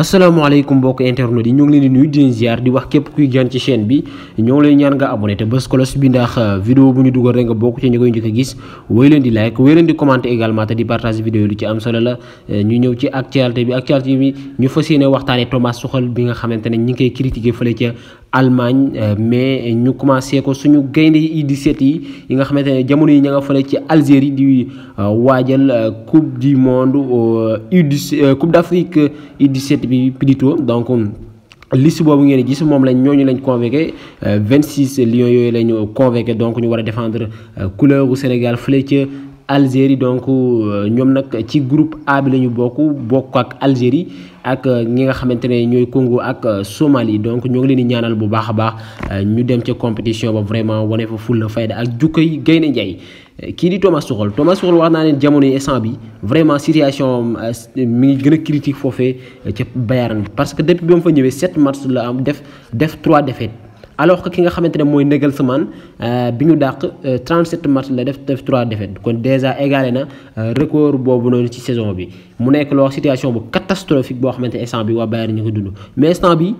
asalaamaaleykum mbokk internet yi ñoo ngi leen di nuyu di di wax képp kuy gan ci chaîne bi ñoo ngi leen ñaan nga abonné te bës cloche bi ndax euh, vidéo bu ñu dugal rek nga bokk ci ñi koy njëkk a gis wooy leen di like wooy leen di commenter également te di partager vidéo lu ci am solo la euh, ñu ñëw ci actualté bi actualité bi ñu fas yéene waxtaane Thomas Tuchel bi nga xamante ne ñi ngi koy critiquer fële ca Allemagne euh, mais ñu commencé ko suñu gaynde yi 17 yi yi nga xamantene jamono yi ña nga ci Algérie di euh, waajal euh, coupe du monde u coupe d'Afrique U17 bi plutôt donc liste bobu ngeen gis mom lañ ñooñu lañ convoqué 26 lions yoy lañ convoqué donc ñu wara défendre couleur au Sénégal fële Algérie donc euh, ñom nak ci groupe A bi lañu bokku bokk ak Algérie ak euh, ñi nga xamantene ñoy Congo ak euh, Somalie donc ñoo ngi leen di ñaanal bu baaxa baax ñu dem ci compétition ba vraiment wane fa fulla fayda ak jukkay gayna Njaay ki di Thomas Tuchel Thomas Tuchel wax naa ne jamono yi instant bi vraiment situation mi ngi gëna critique fofé ci Bayern parce que depuis bi mu fa ñëwé 7 matchs la am def def 3 défaites alors que ki nga xamantene moy negal semaine euh biñu dàq 37 match la def def 3 défaites kon déjà égalé na record bobu non ci saison bi mu nek lo situation bu catastrophique bo xamantene instant bi wa Bayern ñi ko dund mais instant bi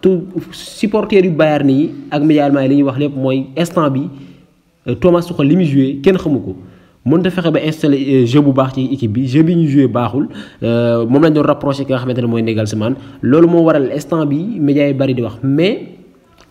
tout supporter yu Bayern yi ak média yi li ñu wax lépp moy instant bi Thomas Tuchel limi jouer joué kenn xamu mën fexé ba installé euh, jeu bu baax ci équipe bi jeu bi ñu joué baaxul euh, mom lañ doon rapproché ki nga Je ne mooy Nagelsmann loolu moo waral instant bi média yi mais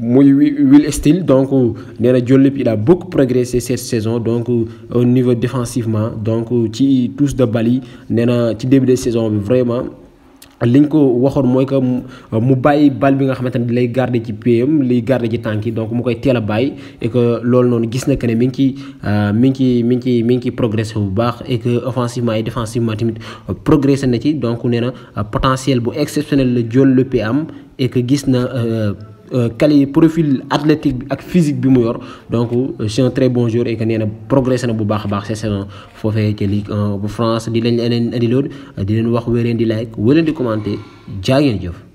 Will still donc nee na Diop il a beaucoup progressé cette saison donc au niveau défensivement donc ci tous de bali n'est nee ci début de saison vraiment. Linko ñu ko waxoon mooy que mu bàyyi bal bi nga gardes lay garder ci PM lay garder ci tanki donc mu koy teel a et que lool noonu gis na que ne mi ngi ciy euh, mi ngi mi ngi mi ngi bu baax et que offensivement et défensivement tamit progresser na ci donc neena euh, potentiel bu exceptionnel le jël le PM et que gis na. Euh, euh, le profil athlétique et physique bi mu donc euh, c'est un très bon jour et que nee a progressé na cette saison fofé Ligue France di leen leen vous di leen wax di like wéré di commenter jaa